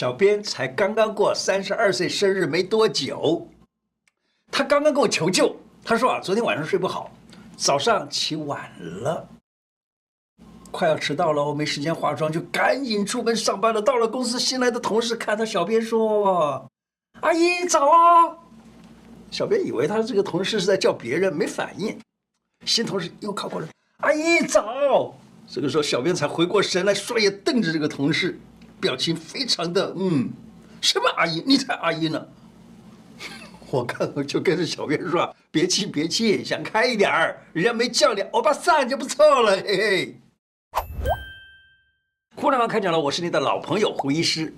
小編才剛剛過三十二歲生日沒多久，他剛剛給我求救，他說啊，昨天晚上睡不好，早上起晚了，快要遲到了，我沒時間化妝，就趕緊出門上班了。到了公司，新來的同事看到小編說，啊：“阿姨早啊。”小編以為他這個同事是在叫別人，沒反應。新同事又靠過來：“阿姨早。”這個時候，小編才回過神來，雙眼瞪着這個同事。表情非常的嗯，什麼阿姨？你才阿姨呢！ 我看我就跟着小編說：“別氣別氣，想開一點兒，人家沒叫你，歐巴桑就不錯了。”嘿嘿。胡乃文開講了，我是你的老朋友胡醫師。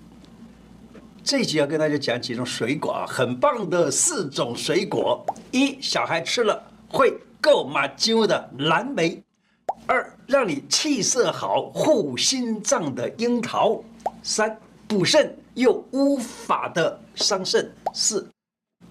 這集要跟大家講幾種水果啊，很棒的四種水果：一、小孩吃了會夠滿足的藍莓；二、讓你氣色好、護心臟的櫻桃。三補腎又烏髮的桑葚，四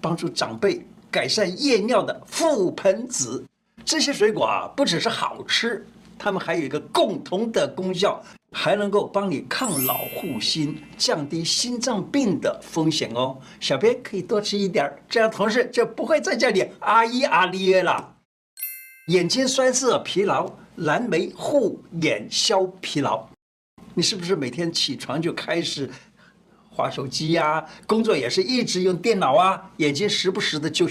幫助長輩改善夜尿的覆盆子，這些水果啊不只是好吃，它們還有一個共同的功效，還能夠幫你抗老護心，降低心臟病的風險哦。小編可以多吃一點，這樣同事就不會再叫你阿姨阿爹了。眼睛酸澀疲勞，藍莓護眼消疲勞。你是不是每天起床就開始滑手機呀、啊？工作也是一直用電腦啊，眼睛時不時的就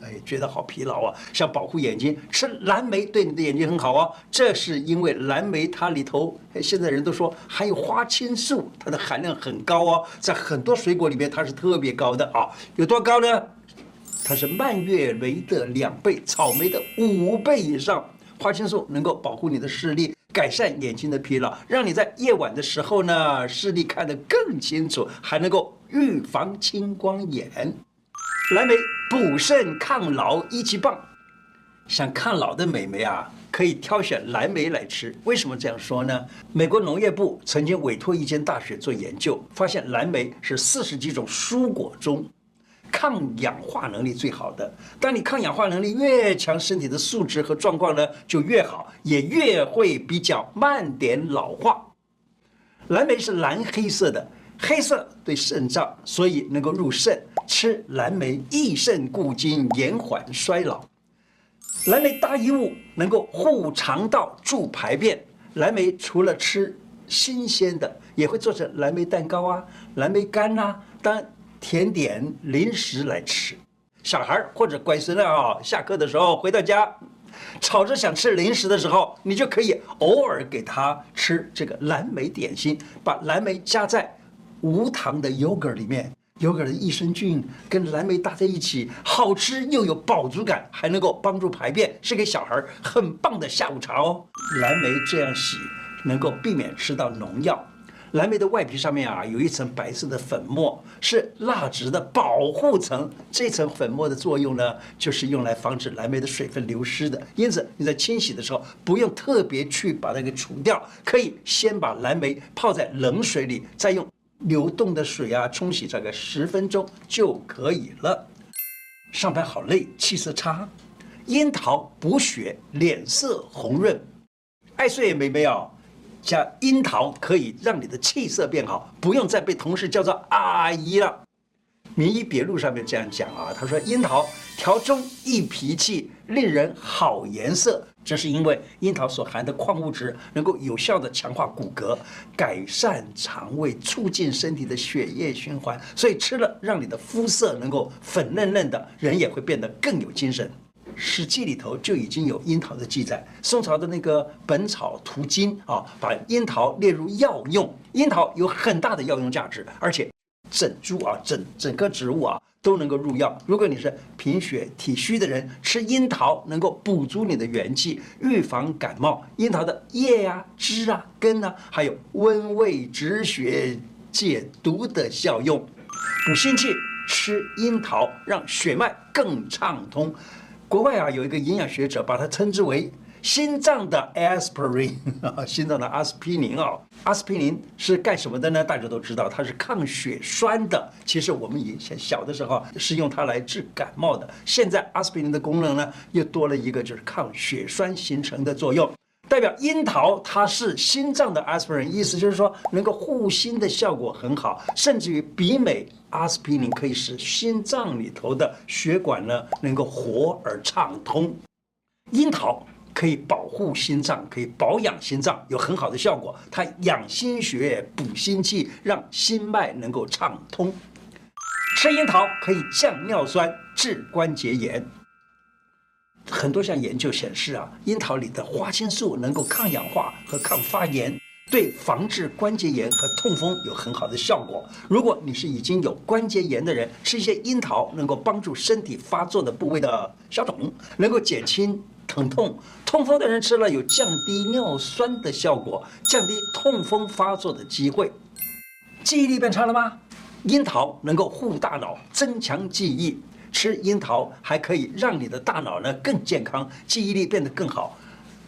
哎覺得好疲勞啊。想保護眼睛，吃藍莓對你的眼睛很好哦。這是因為藍莓它裡頭現在人都說含有花青素，它的含量很高哦，在很多水果裡面它是特別高的啊。有多高呢？它是蔓越莓的兩倍，草莓的五倍以上。花青素能夠保護你的視力，改善眼睛的疲勞，讓你在夜晚的時候呢，視力看得更清楚，還能夠預防青光眼。藍莓補腎抗老一級棒，想抗老的美眉啊，可以挑選藍莓來吃。為什麼這樣說呢？美國農業部曾經委托一間大學做研究，發現藍莓是四十幾種蔬果中，抗氧化能力最好的，當你抗氧化能力越強，身體的素質和狀況呢就越好，也越會比較慢點老化。藍莓是藍黑色的，黑色對腎臟，所以能夠入腎，吃藍莓益腎固精，延緩衰老。藍莓搭一物能夠護腸道助排便。藍莓除了吃新鮮的，也會做成藍莓蛋糕啊，藍莓乾啊，當然。甜點、零食來吃，小孩或者乖孫啊、哦，下課的時候回到家，吵着想吃零食的時候，你就可以偶爾給他吃這個藍莓點心，把藍莓加在無糖的優格裡面，優格的益生菌跟藍莓搭在一起，好吃又有飽足感，還能夠幫助排便，是給小孩很棒的下午茶哦。藍莓這樣洗，能夠避免吃到農藥。藍莓的外皮上面啊，有一層白色的粉末，是蠟質的保護層。這層粉末的作用呢，就是用來防止藍莓的水分流失的。因此你在清洗的時候，不用特別去把它給除掉，可以先把藍莓泡在冷水裡，再用流動的水啊沖洗，這個十分鐘就可以了。上班好累，氣色差，櫻桃補血，臉色紅潤，愛睡美美哦。像櫻桃可以讓你的氣色變好，不用再被同事叫做阿姨了。《名醫別錄》上面這樣講啊，他說櫻桃調中益脾氣，令人好顏色。這是因為櫻桃所含的礦物質能夠有效的強化骨骼，改善腸胃，促進身體的血液循環。所以吃了讓你的膚色能夠粉嫩嫩的，人也會變得更有精神。《史記》裡頭就已經有櫻桃的記載。宋朝的那個《本草圖經》啊，把櫻桃列入藥用。櫻桃有很大的藥用價值，而且整株啊、整整個植物啊都能夠入藥。如果你是貧血體虛的人，吃櫻桃能夠補足你的元氣，預防感冒。櫻桃的葉啊、枝啊、根啊，還有溫胃止血、解毒的效用。補心氣，吃櫻桃讓血脈更暢通。國外啊，有一個營養學者把它稱之為“心臟的阿司匹林”，啊，心臟的阿司匹林啊。阿司匹林是幹什麼的呢？大家都知道，它是抗血栓的。其實我們以前小的時候是用它來治感冒的。現在阿司匹林的功能呢，又多了一個，就是抗血栓形成的作用。代表櫻桃，它是心臟的阿司匹林，意思就是說能夠護心的效果很好，甚至於比美阿司匹林可以使心臟裡頭的血管呢能夠活而暢通。櫻桃可以保護心臟，可以保養心臟，有很好的效果。它養心血、補心氣，讓心脈能夠暢通。吃櫻桃可以降尿酸、治關節炎。很多項研究顯示啊，櫻桃裡的花青素能夠抗氧化和抗發炎，對防治關節炎和痛風有很好的效果。如果你是已經有關節炎的人，吃一些櫻桃能夠幫助身體發作的部位的消腫，能夠減輕疼痛。痛風的人吃了有降低尿酸的效果，降低痛風發作的機會。記憶力變差了嗎？櫻桃能夠護大腦，增強記憶。吃櫻桃還可以讓你的大腦呢更健康，記憶力變得更好。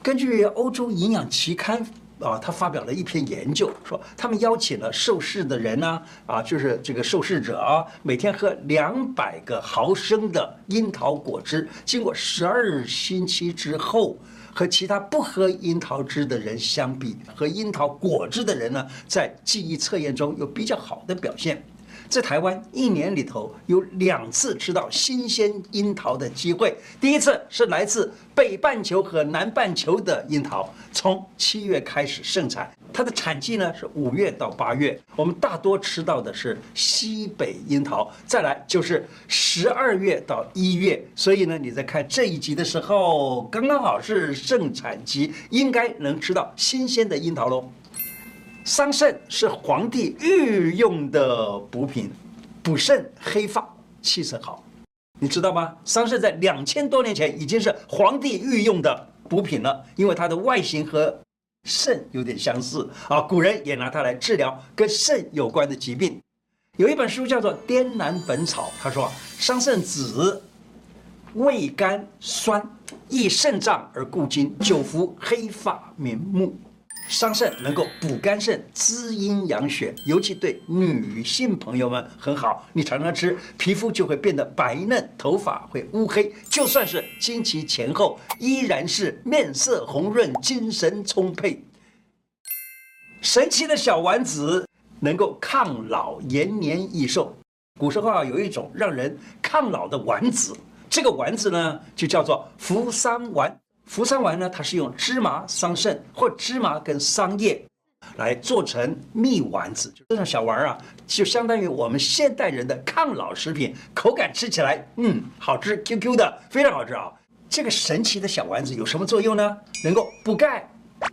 根據歐洲營養期刊啊，他發表了一篇研究，說他們邀請了受試的人呢，啊，啊，就是這個受試者啊，每天喝兩百個毫升的櫻桃果汁，經過十二星期之後，和其他不喝櫻桃汁的人相比，喝櫻桃果汁的人呢，在記憶測驗中有比較好的表現。在台灣一年裡頭有兩次吃到新鮮櫻桃的機會，第一次是來自北半球和南半球的櫻桃，從七月開始盛產，它的產季呢是五月到八月，我們大多吃到的是西北櫻桃，再來就是十二月到一月，所以呢你在看這一集的時候，剛剛好是盛產期，應該能吃到新鮮的櫻桃嘍。桑葚是皇帝御用的補品，補腎黑髮，氣色好，你知道嗎？桑葚在兩千多年前已經是皇帝御用的補品了，因為它的外形和腎有點相似啊，古人也拿它來治療跟腎有關的疾病。有一本書叫做《滇南本草》，他說啊，桑葚子味甘酸，益腎臟而固精，久服黑髮明目。桑葚能夠補肝腎、滋陰養血，尤其對女性朋友們很好。你常常吃，皮膚就會變得白嫩，頭髮會烏黑，就算是經期前後，依然是面色紅潤、精神充沛。神奇的小丸子能夠抗老延年益壽。古時候啊，有一種讓人抗老的丸子，這個丸子呢，就叫做扶桑丸。扶桑丸呢，它是用芝麻、桑葚或芝麻跟桑葉來做成蜜丸子。就這種小丸兒啊，就相當於我們現代人的抗老食品，口感吃起來，嗯，好吃，Q Q 的，非常好吃啊。這個神奇的小丸子有什麼作用呢？能夠補鈣，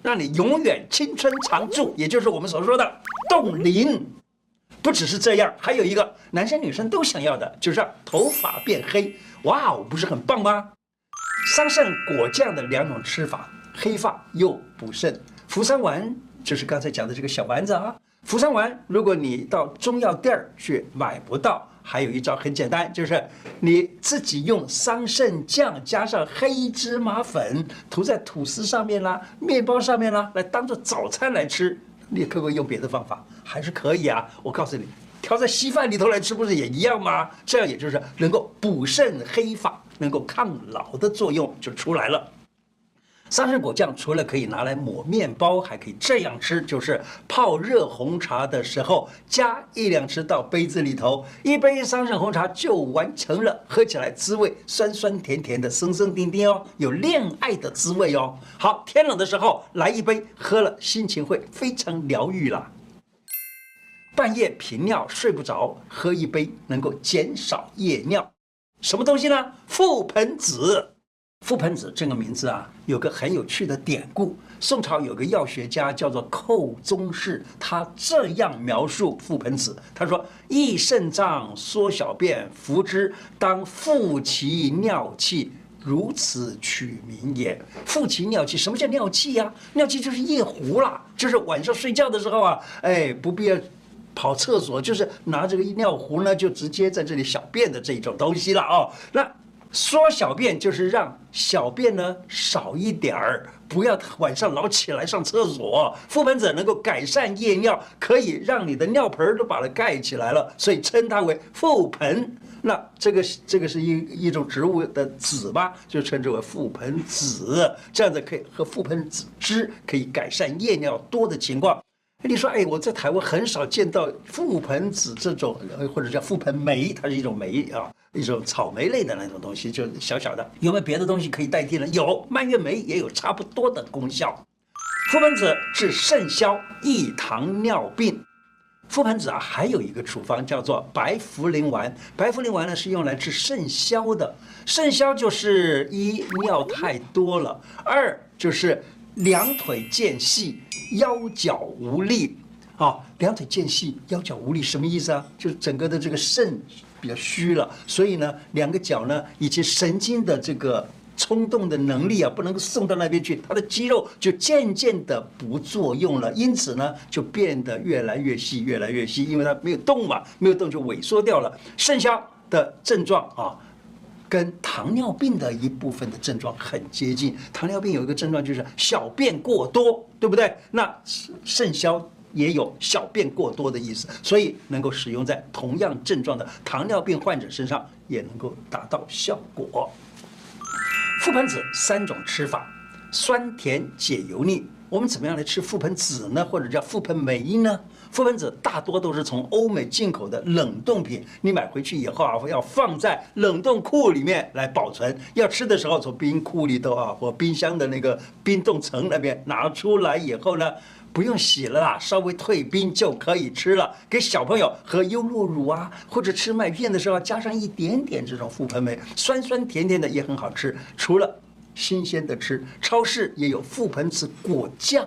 讓你永遠青春常駐，也就是我們所說的凍齡。不只是這樣，還有一個男生女生都想要的，就是、啊、讓頭髮變黑。哇哦，不是很棒嗎？桑葚果醬的兩種吃法，黑髮又補腎。扶桑丸就是剛才講的這個小丸子啊。扶桑丸，如果你到中藥店兒去買不到，還有一招很簡單，就是你自己用桑葚醬加上黑芝麻粉塗在吐司上面啦、麵包上面啦，來當做早餐來吃。你可不可以用別的方法？還是可以啊。我告訴你，調在稀飯裡頭來吃，不是也一樣嗎？這樣也就是能夠補腎黑髮。能夠抗老的作用就出來了。桑葚果醬除了可以拿來抹麵包，還可以這樣吃，就是泡熱紅茶的時候加一兩支到杯子裡頭，一杯桑葚紅茶就完成了。喝起來滋味酸酸甜甜的，生生丁丁哦，有戀愛的滋味哦。好，天冷的時候來一杯，喝了心情會非常療癒啦。半夜頻尿睡不着，喝一杯能夠減少夜尿。什麼東西呢？覆盆子，覆盆子這個名字啊，有個很有趣的典故。宋朝有個藥學家叫做寇宗奭，他這樣描述覆盆子，他說：“益腎臟，縮小便，服之當復其尿氣，如此取名也。”復其尿氣，什麼叫尿氣呀？尿氣就是夜壺啦，就是晚上睡覺的時候啊，哎，不必要。跑廁所，就是拿這個尿壺呢，就直接在這裡小便的這一種東西了哦。那縮小便就是讓小便呢少一點兒，不要晚上老起來上廁所。覆盆子能夠改善夜尿，可以讓你的尿盆都把它蓋起來了，所以稱它為覆盆。那這個這個是一一種植物的籽吧，就稱之為覆盆子。這樣子可以和覆盆子汁，可以改善夜尿多的情況。你說，哎，我在台灣很少見到覆盆子這種，或者叫覆盆莓，它是一種莓啊，一種草莓類的那種東西，就小小的。有沒有別的東西可以代替呢？有，蔓越莓也有差不多的功效。覆盆子治腎消、易糖尿病。覆盆子啊，還有一個處方叫做白茯苓丸，白茯苓丸呢是用來治腎消的。腎消就是一尿太多了，二就是兩腿漸細，腰腳無力啊，兩腿漸細，腰腳無力什麼意思啊？就是整個的這個腎比較虛了，所以呢，兩個腳呢以及神經的這個衝動的能力啊，不能夠送到那邊去，它的肌肉就漸漸的不作用了，因此呢，就變得越來越細，越來越細，因為它沒有動嘛，沒有動就萎縮掉了，剩下的症狀啊。跟糖尿病的一部分的症狀很接近，糖尿病有一個症狀就是小便過多，對不對？那腎腎消也有小便過多的意思，所以能夠使用在同樣症狀的糖尿病患者身上也能夠達到效果。覆盆子三種吃法，酸甜解油膩。我們怎麼樣來吃覆盆子呢？或者叫覆盆莓呢？覆盆子大多都是從歐美進口的冷凍品，你買回去以後啊，要放在冷凍庫裡面來保存。要吃的時候，從冰庫裡頭啊或冰箱的那個冰凍層那邊拿出來以後呢，不用洗了啦，稍微退冰就可以吃了。給小朋友喝優酪乳啊，或者吃麥片的時候，加上一點點這種覆盆莓，酸酸甜甜的也很好吃。除了新鮮的吃，超市也有覆盆子果醬。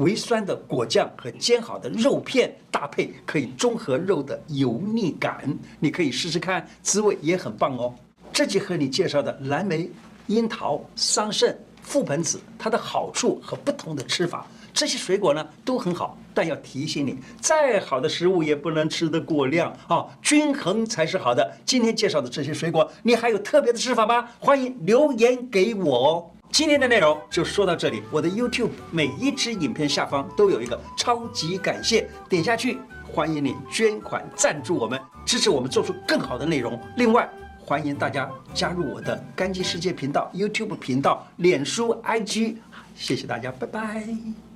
微酸的果醬和煎好的肉片搭配，可以中和肉的油膩感。你可以試試看，滋味也很棒哦。這集和你介紹的藍莓、櫻桃、桑葚、覆盆子，它的好處和不同的吃法。這些水果呢都很好，但要提醒你，再好的食物也不能吃得過量啊。均衡才是好的。今天介紹的這些水果，你還有特別的吃法嗎？歡迎留言給我哦。今天的內容就說到這裡。我的 YouTube 每一支影片下方都有一個超級感謝，點下去。歡迎你捐款贊助我們，支持我們做出更好的內容。另外，歡迎大家加入我的乾淨世界頻道 YouTube 頻道、臉書 IG。謝謝大家，拜拜。